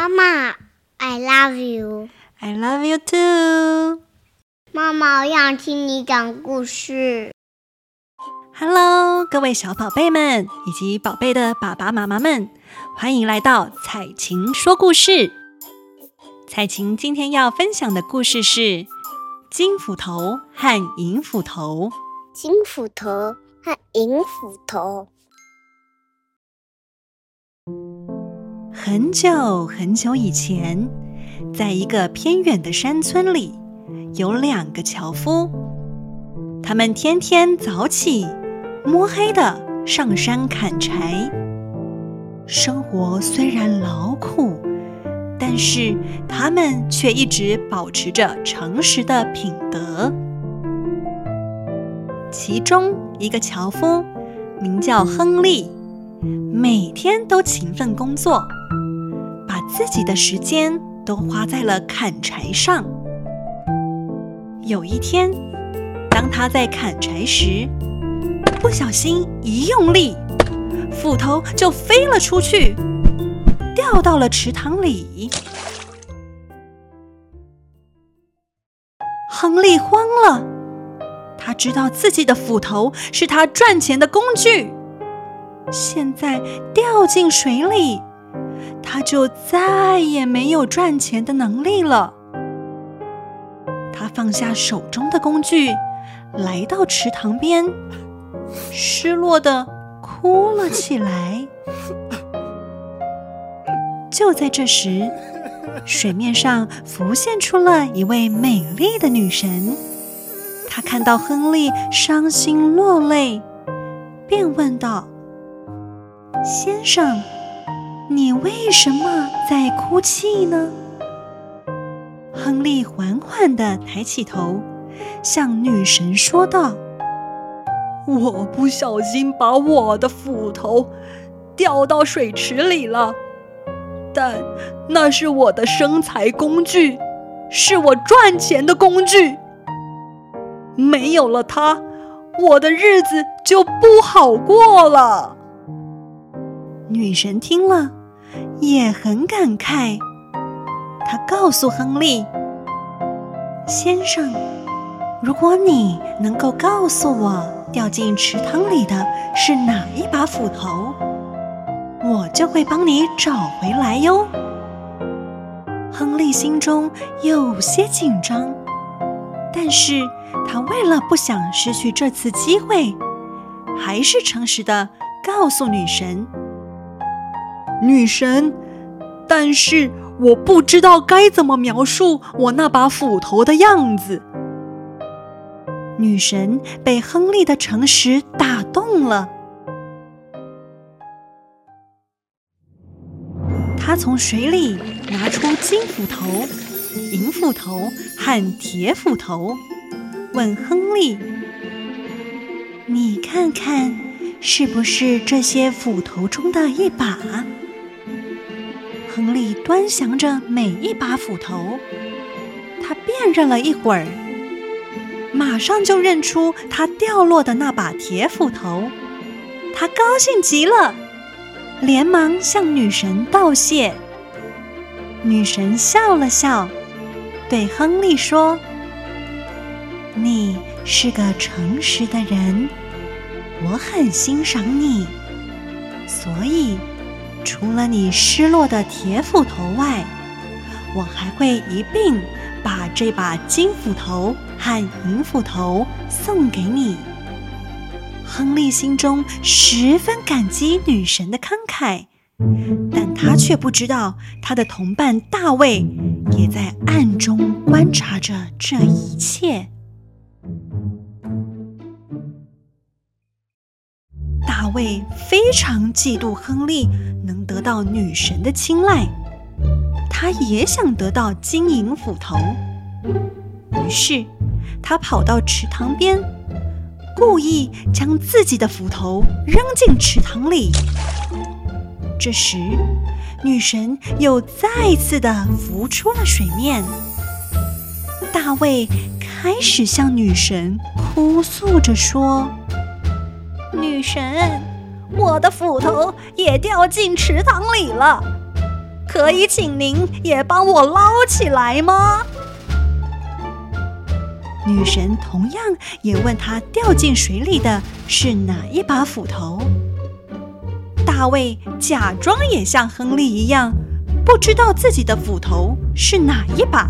媽媽，I love you. I love you too. 媽媽，我想聽你講故事。Hello，各位小寶貝們以及寶貝的爸爸媽媽們，歡迎來到采晴說故事。采晴今天要分享的故事是金斧頭和銀斧頭《金斧頭和銀斧頭》。金斧頭和銀斧頭。很久很久以前，在一個偏遠的山村裡，有兩個樵夫。他們天天早起，摸黑的上山砍柴。生活雖然勞苦，但是他們卻一直保持着誠實的品德。其中一個樵夫名叫亨利，每天都勤奮工作。自己的時間都花在了砍柴上。有一天，當他在砍柴時，不小心一用力，斧頭就飛了出去，掉到了池塘裡。亨利慌了，他知道自己的斧頭是他賺錢的工具，現在掉進水裡。他就再也沒有賺錢的能力了。他放下手中的工具，來到池塘邊，失落的哭了起來。 就在這時，水面上浮現出了一位美麗的女神。她看到亨利傷心落淚，便問道：“先生。”你為什麼在哭泣呢？亨利緩緩地抬起頭，向女神說道：“我不小心把我的斧頭掉到水池裡了，但那是我的生財工具，是我賺錢的工具。沒有了它，我的日子就不好過了。”女神聽了。也很感慨，他告訴亨利：“先生，如果你能夠告訴我掉進池塘裡的是哪一把斧頭，我就會幫你找回來喲。”亨利心中有些緊張，但是他為了不想失去這次機會，還是誠實地告訴女神。女神，但是我不知道該怎麼描述我那把斧頭的樣子。女神被亨利的誠實打動了，她從水裡拿出金斧頭、銀斧頭和鐵斧頭，問亨利：“你看看，是不是這些斧頭中的一把？”亨利端詳着每一把斧頭，他辨認了一會兒，馬上就認出他掉落的那把鐵斧頭。他高興極了，連忙向女神道謝。女神笑了笑，對亨利說：“你是個誠實的人，我很欣賞你，所以。”除了你失落的鐵斧頭外，我還會一併把這把金斧頭和銀斧頭送給你。亨利心中十分感激女神的慷慨，但他卻不知道他的同伴大衛也在暗中觀察着這一切。大衛非常嫉妒亨利能得到女神的青睞，他也想得到金銀斧頭。於是，他跑到池塘邊，故意將自己的斧頭扔進池塘裡。這時，女神又再次的浮出了水面。大衛開始向女神哭訴着說。女神，我的斧頭也掉進池塘裡了，可以請您也幫我撈起來嗎？女神同樣也問他掉進水裡的是哪一把斧頭。大衛假裝也像亨利一樣，不知道自己的斧頭是哪一把。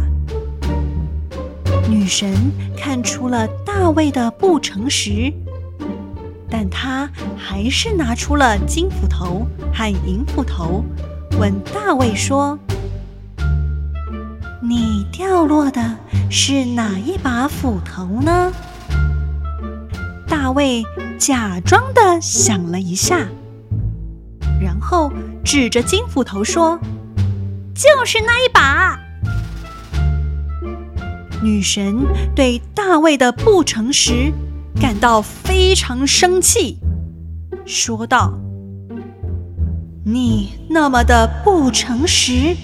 女神看出了大衛的不誠實。但他還是拿出了金斧頭和銀斧頭，問大衛說：“你掉落的是哪一把斧頭呢？”大衛假裝的想了一下，然後指着金斧頭說：“就是那一把。”女神對大衛的不誠實，感到非常生氣，說道：“你那麼的不誠實，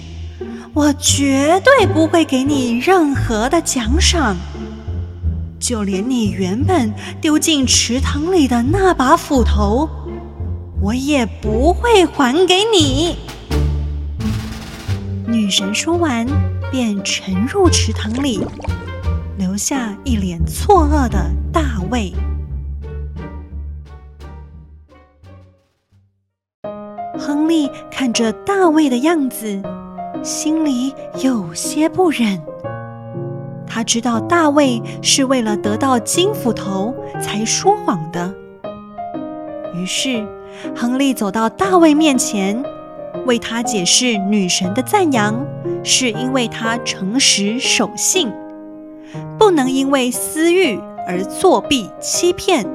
我絕對不會給你任何的獎賞，就連你原本丟進池塘裡的那把斧頭，我也不會還給你。”女神說完，便沉入池塘裡。留下一臉錯愕的大衛。亨利看着大衛的樣子，心裡有些不忍。他知道大衛是為了得到金斧頭才說謊的。於是，亨利走到大衛面前，為他解釋女神的讚揚是因為他誠實守信。不能因為私欲而作弊欺騙。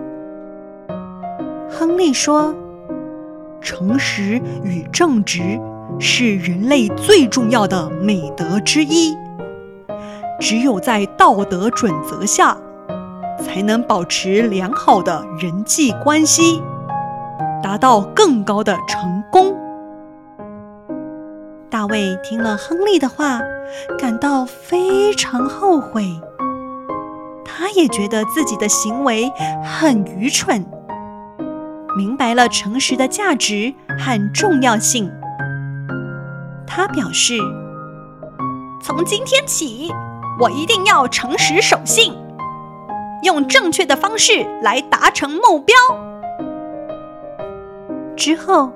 亨利說：“誠實與正直是人類最重要的美德之一。只有在道德準則下，才能保持良好的人際關係，達到更高的成功。”大衛聽了亨利的話，感到非常後悔。他也覺得自己的行為很愚蠢，明白了誠實的價值和重要性。他表示：“從今天起，我一定要誠實守信，用正確的方式來達成目標。”之後，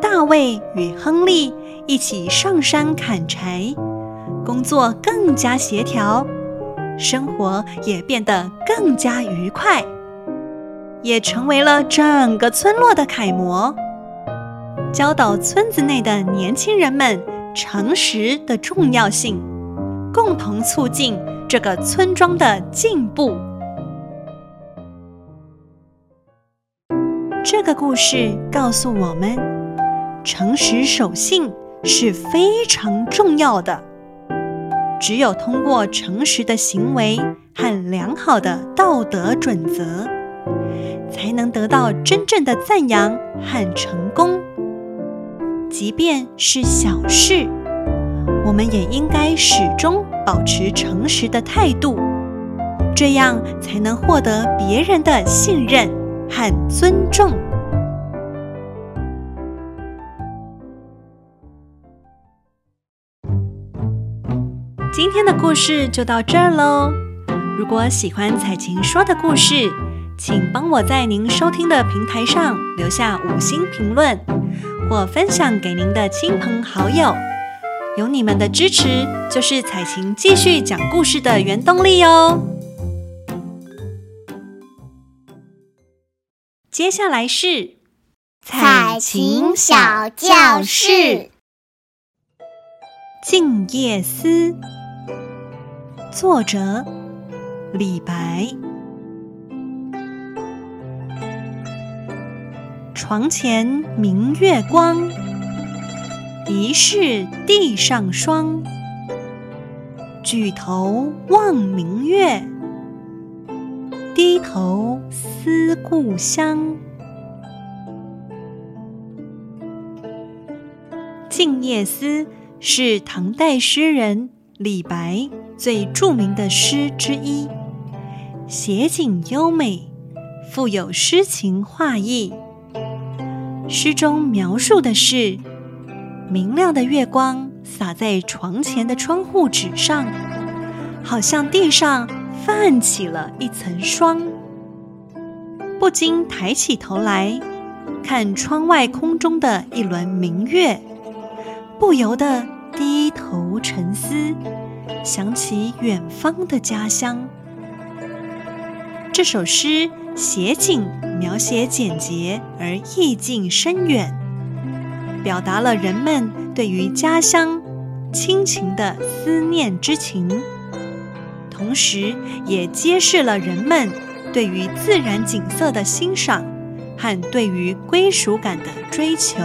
大衛與亨利一起上山砍柴，工作更加協調。生活也變得更加愉快，也成為了整個村落的楷模，教導村子內的年輕人們誠實的重要性，共同促進這個村莊的進步。這個故事告訴我們，誠實守信是非常重要的。只有通過誠實的行為和良好的道德準則，才能得到真正的讚揚和成功。即便是小事，我們也應該始終保持誠實的態度，這樣才能獲得別人的信任和尊重。今天的故事就到這兒嘍。如果喜歡采晴說的故事，請幫我在您收聽的平台上留下五星評論，或分享給您的親朋好友。有你們的支持，就是采晴繼續講故事的原動力哦。接下來是采晴小教室，《靜夜思》。作者李白。床前明月光，疑是地上霜。舉頭望明月，低頭思故鄉。《靜夜思》是唐代詩人李白最著名的詩之一，寫景優美，富有詩情畫意。詩中描述的是明亮的月光灑在床前的窗戶紙上，好像地上泛起了一層霜。不禁抬起頭來看窗外空中的一輪明月，不由得低頭沉思。想起遠方的家鄉，這首詩寫景描寫簡潔而意境深遠，表達了人們對於家鄉、親情的思念之情，同時也揭示了人們對於自然景色的欣賞和對於歸屬感的追求。